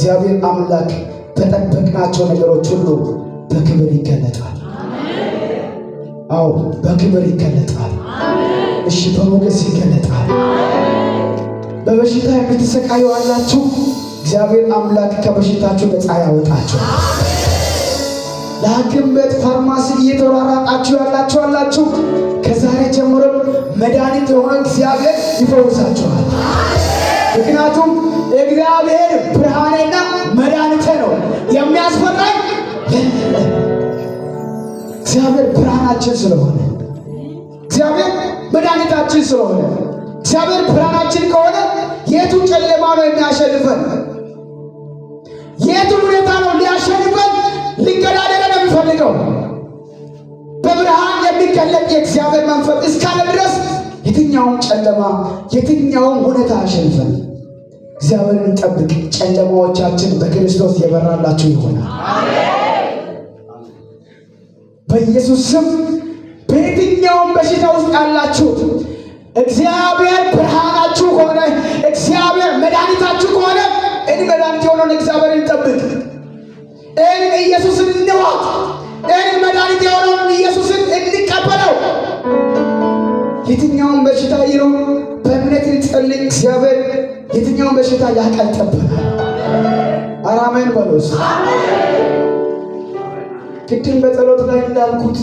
እግዚአብሔር አምላክ በጠበቅናቸው ነገሮች ሁሉ በክብር ይገለጣል። አዎ በክብር ይገለጣል። እሺ በሞገስ ይገለጣል። በበሽታ የምትሰቃዩ አላችሁ፣ እግዚአብሔር አምላክ ከበሽታችሁ ነፃ ያወጣችሁ። ለሐኪም ቤት ፋርማሲ እየተራራጣችሁ ያላችሁ አላችሁ፣ ከዛሬ ጀምሮ መድኃኒት የሆነ እግዚአብሔር ይፈውሳችኋል። ምክንያቱም እግዚአብሔር ብርሃኔና መድኃኒቴ ነው። የሚያስፈራኝ እግዚአብሔር ብርሃናችን ስለሆነ እግዚአብሔር መድኃኒታችን ስለሆነ እግዚአብሔር ብርሃናችን ከሆነ የቱ ጨለማ ነው የሚያሸንፈን? የቱ ሁኔታ ነው ሊያሸንፈን ሊቀዳደረን የሚፈልገው? በብርሃን የሚገለጥ የእግዚአብሔር መንፈስ እስካለ ድረስ የትኛውም ጨለማ የትኛውም ሁኔታ አሸንፈን እግዚአብሔር እንጠብቅ ጨለማዎቻችን በክርስቶስ የበራላችሁ ይሆናል። በኢየሱስ ስም በየትኛውም በሽታ ውስጥ ያላችሁ እግዚአብሔር ብርሃናችሁ ከሆነ እግዚአብሔር መድኃኒታችሁ ከሆነ እኔ መድኃኒት የሆነውን እግዚአብሔር እንጠብቅ እኔ ኢየሱስን እንዋት። እኔ መድኃኒት የሆነውን ኢየሱስን እንቀበለው። የትኛውም በሽታ ይሁን በእምነት እንጸልይ እግዚአብሔር የትኛውን በሽታ ያቀልጥብናል። አራሜን በሎስ ቅድም በጸሎት ላይ እንዳልኩት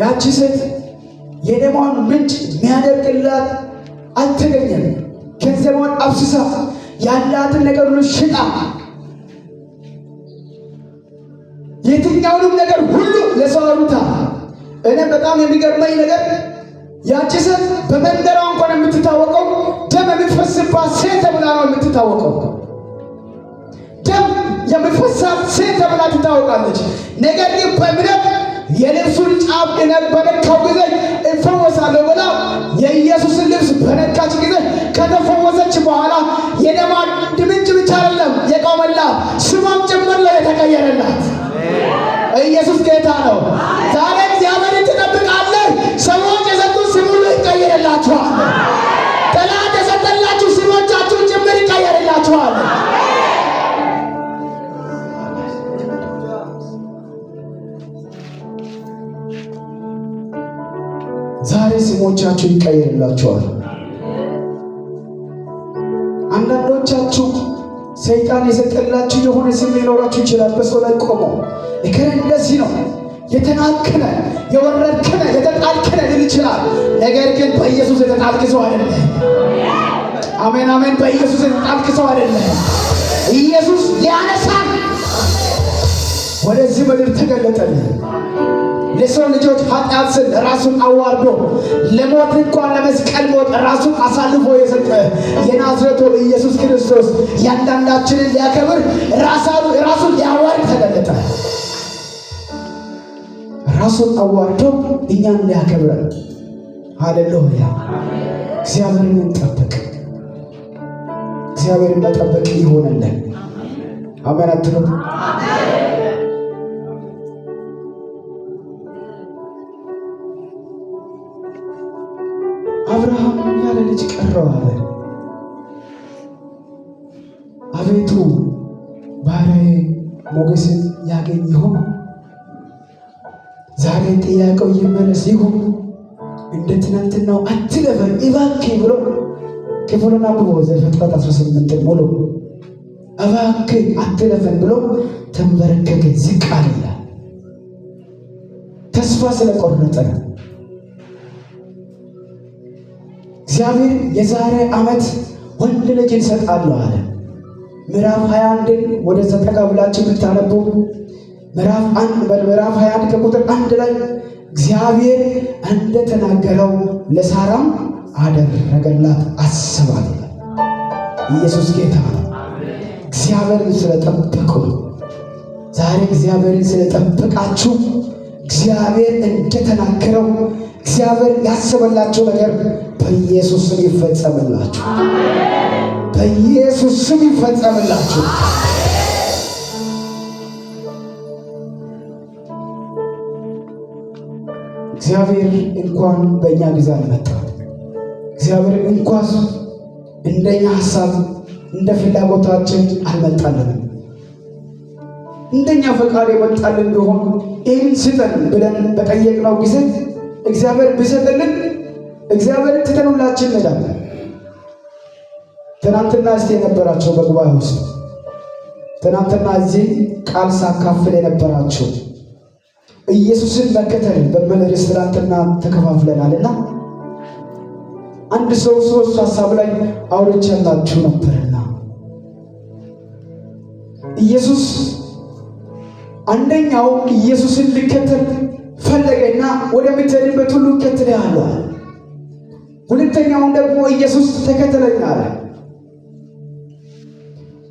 ያቺ ሴት የደሟን ምንጭ የሚያደርግላት አልተገኘም። ገንዘቧን አብስሳ ያላትን ነገር ሁሉ ሽጣ የትኛውንም ነገር ሁሉ ለሰው እኔም እኔ በጣም የሚገርመኝ ነገር ያቺ ሴት በመንደራ እንኳን የምትታወቀው ደም የምትፈስባት ሴት ተብላ ነው የምትታወቀው። ደም የምትፈሳት ሴት ተብላ ትታወቃለች። ነገር ግን በእምነት የልብሱን ጫፍ የነበረከው ጊዜ ሰዎቻችሁ ይቀየርላችኋል። አንዳንዶቻችሁ ሰይጣን የሰጠላችሁ የሆነ ስም ሊኖራችሁ ይችላል። በሰው ላይ ቆሞ እከረ እንደዚህ ነው የተናክነ የወረድክነ የተጣልክነ ሊል ይችላል። ነገር ግን በኢየሱስ የተጣልክ ሰው አይደለ። አሜን አሜን። በኢየሱስ የተጣልክ ሰው አይደለ። ኢየሱስ ያነሳል። ወደዚህ ምድር ተገለጠልን። ለሰው ልጆች ኃጢአት ስል ራሱን አዋርዶ ለሞት እንኳን ለመስቀል ሞት ራሱን አሳልፎ የሰጠ የናዝረቱ ኢየሱስ ክርስቶስ ያንዳንዳችንን ሊያከብር ራሱን ሊያዋርድ ተገለጠ። ራሱን አዋርዶ እኛን ሊያከብረ ሃሌሉያ! እግዚአብሔርን እንጠብቅ። እግዚአብሔርን መጠበቅ ይሆንልን። አሜን ልጅ ቀረው አለ። አቤቱ ባሪያዬ ሞገስን ያገኝ ይሆን? ዛሬ ጥያቄው ይመለስ ይሁን እንደ ትናንትናው አትለፈን እባክህ ብሎ ክፍሉን አንብቦ ዘፍጥረት 18 ሙሉ እባክህ አትለፈን ብሎ ተንበረከከ፣ ዝቅ አለ። ተስፋ ስለቆረጠ ነው። እግዚአብሔር የዛሬ ዓመት ወንድ ልጅ ይሰጣለሁ አለ። ምዕራፍ 21ን ወደ ዘጠቀ ብላችሁ ብታነቡ ምዕራፍ 1 በምዕራፍ 21 ከቁጥር 1 ላይ እግዚአብሔር እንደተናገረው ለሳራም አደረገላት አስባት ይላል። ኢየሱስ ጌታ ነው። እግዚአብሔርን ስለጠበቁ ዛሬ እግዚአብሔርን ስለጠበቃችሁ እግዚአብሔር እንደተናገረው እግዚአብሔር ያሰበላቸው ነገር በኢየሱስ ስም ይፈጸምላችሁ፣ በኢየሱስ ስም ይፈጸምላችሁ። እግዚአብሔር እንኳን በእኛ ጊዜ አልመጣም። እግዚአብሔር እንኳን እንደኛ ሀሳብ እንደ ፍላጎታችን አልመጣልንም። እንደኛ ፈቃድ የመጣልን ቢሆን ይህን ስጠን ብለን በጠየቅነው ጊዜ እግዚአብሔር ቢሰጥልን እግዚአብሔር ትተኑላችን ሁላችን እንሄዳለን። ትናንትና እስቲ የነበራቸው በጉባኤ ውስጥ ትናንትና እዚህ ቃል ሳካፍል የነበራቸው ኢየሱስን መከተል በምን ርዕስ ትናንትና ተከፋፍለናል አንድ ሰው ሶስት ሀሳብ ላይ አውርቼላችሁ ነበርና ኢየሱስ አንደኛው ኢየሱስን ልከተል ፈለገና ወደምትሄድበት ሁሉ እከተልሃለሁ አለ። ሁለተኛውን ደግሞ ኢየሱስ ተከተለኝ አለ።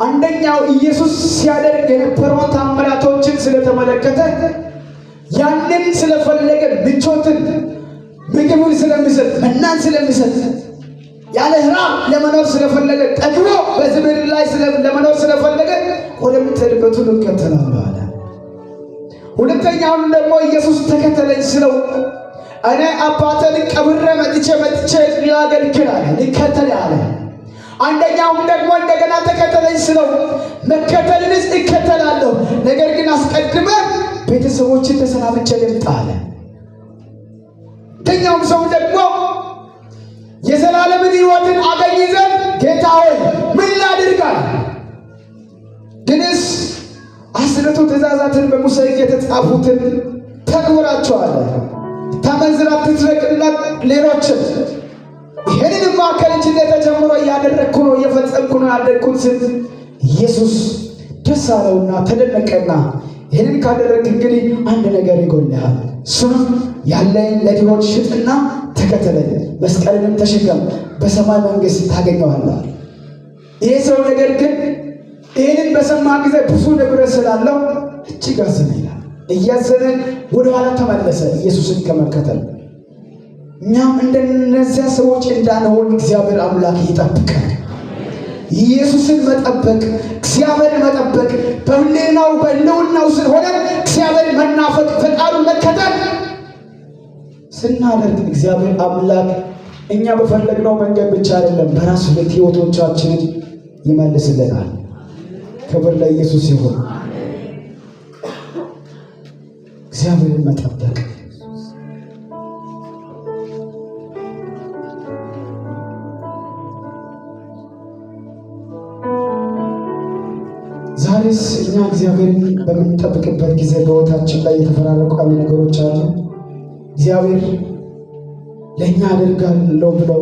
አንደኛው ኢየሱስ ሲያደርግ የነበረው ታምራቶችን ስለተመለከተ ያንን ስለፈለገ ምቾትን፣ ምግብን ስለሚሰጥ መናን ስለሚሰጥ ያለ ራብ ለመኖር ስለፈለገ ጠግቦ በዚህ ምድር ላይ ለመኖር ስለፈለገ ወደምትሄድበት ሁሉ እከተልሃለሁ አለ። ሁለተኛውን ደግሞ ኢየሱስ ተከተለኝ ስለው እኔ አባተን ቀብሬ መጥቼ መጥቼ ላገልግል አለ፣ ልከተል አለ። አንደኛውም ደግሞ እንደገና ተከተለኝ ስለው መከተልንስ እከተላለሁ፣ ነገር ግን አስቀድመ ቤተሰቦችን ተሰናብቼ ልምጣ አለ። ሁለተኛውም ሰው ደግሞ የዘላለምን ሕይወትን አገኝ ዘንድ የተሰጡ ትእዛዛትን በሙሴ ሕግ የተጻፉትን ተግብራቸዋል። ተመዝራት ትዝለቅና ሌሎችን ይህንን ማከልችነት ተጀምሮ እያደረግኩ ነው እየፈጸምኩ ነው ያደግኩት ስል ኢየሱስ ደስ አለውና ተደነቀና ይህንን ካደረግ እንግዲህ አንድ ነገር ይጎልሃል፣ ስም ያለህን ለድሆች ሽጥና ተከተለኝ፣ መስቀልንም ተሸከም፣ በሰማይ መንግሥት ታገኘዋለህ። ይሄ ሰው ነገር ግን ይህንን በሰማ ጊዜ ብዙ ንብረት ስላለው እጅግ አዘነ ይላል። እያዘነ ወደኋላ ተመለሰ ኢየሱስን ከመከተል። እኛም እንደነዚያ ሰዎች እንዳንሆን እግዚአብሔር አምላክ ይጠብቀን። ኢየሱስን መጠበቅ፣ እግዚአብሔር መጠበቅ በሕሊናው በሕልውናው ስለሆነ እግዚአብሔር መናፈቅ፣ ፈቃዱን መከተል ስናደርግ እግዚአብሔር አምላክ እኛ በፈለግነው መንገድ ብቻ አይደለም በራሱ ህይወቶቻችንን ይመልስልናል። ክብር ለኢየሱስ ይሁን። እግዚአብሔርን መጠበቅ ዛሬስ እኛ እግዚአብሔርን በምንጠብቅበት ጊዜ በወታችን ላይ የተፈራረቁ ያሉ ነገሮች አሉ። እግዚአብሔር ለእኛ አደርጋለሁ ብለው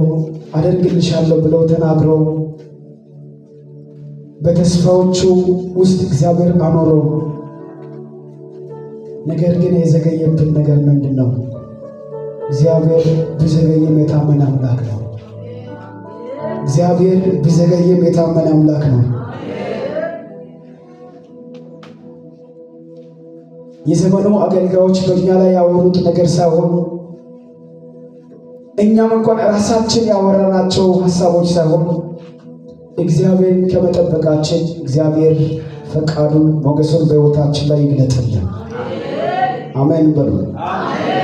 አደርግልሻለሁ ብለው ተናግረው በተስፋዎቹ ውስጥ እግዚአብሔር አኖረው። ነገር ግን የዘገየብን ነገር ምንድን ነው? እግዚአብሔር ቢዘገይም የታመነ አምላክ ነው። እግዚአብሔር ቢዘገይም የታመነ አምላክ ነው። የዘመኑ አገልጋዮች በእኛ ላይ ያወሩት ነገር ሳይሆን እኛም እንኳን ራሳችን ያወራናቸው ሀሳቦች ሳይሆን እግዚአብሔር ከመጠበቃችን እግዚአብሔር ፈቃዱን ሞገሱን በሕይወታችን ላይ ይግለጥልን። አሜን በሉ። አሜን።